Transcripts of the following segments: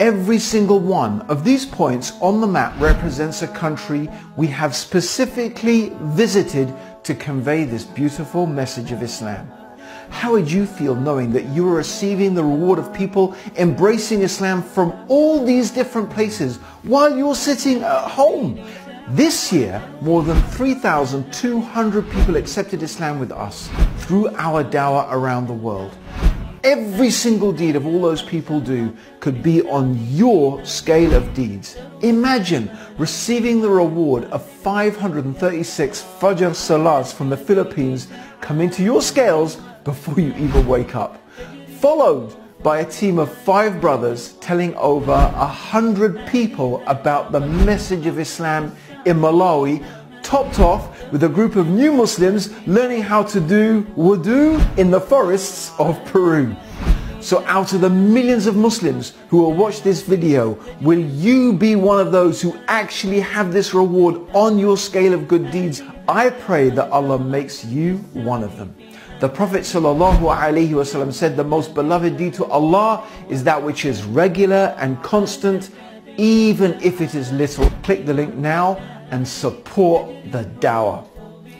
Every single one of these points on the map represents a country we have specifically visited to convey this beautiful message of Islam. How would you feel knowing that you are receiving the reward of people embracing Islam from all these different places while you're sitting at home? This year, more than 3,200 people accepted Islam with us through our dawah around the world. Every single deed of all those people do could be on your scale of deeds. Imagine receiving the reward of 536 Fajr Salats from the Philippines coming to your scales before you even wake up. Followed by a team of five brothers telling over a hundred people about the message of Islam in Malawi, topped off with a group of new Muslims learning how to do wudu in the forests of Peru. So out of the millions of Muslims who will watch this video, will you be one of those who actually have this reward on your scale of good deeds? I pray that Allah makes you one of them. The Prophet ﷺ said the most beloved deed to Allah is that which is regular and constant, even if it is little. Click the link now and support the dawah.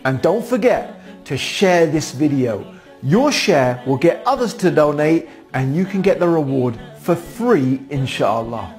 And don't forget to share this video. Your share will get others to donate and you can get the reward for free inshallah.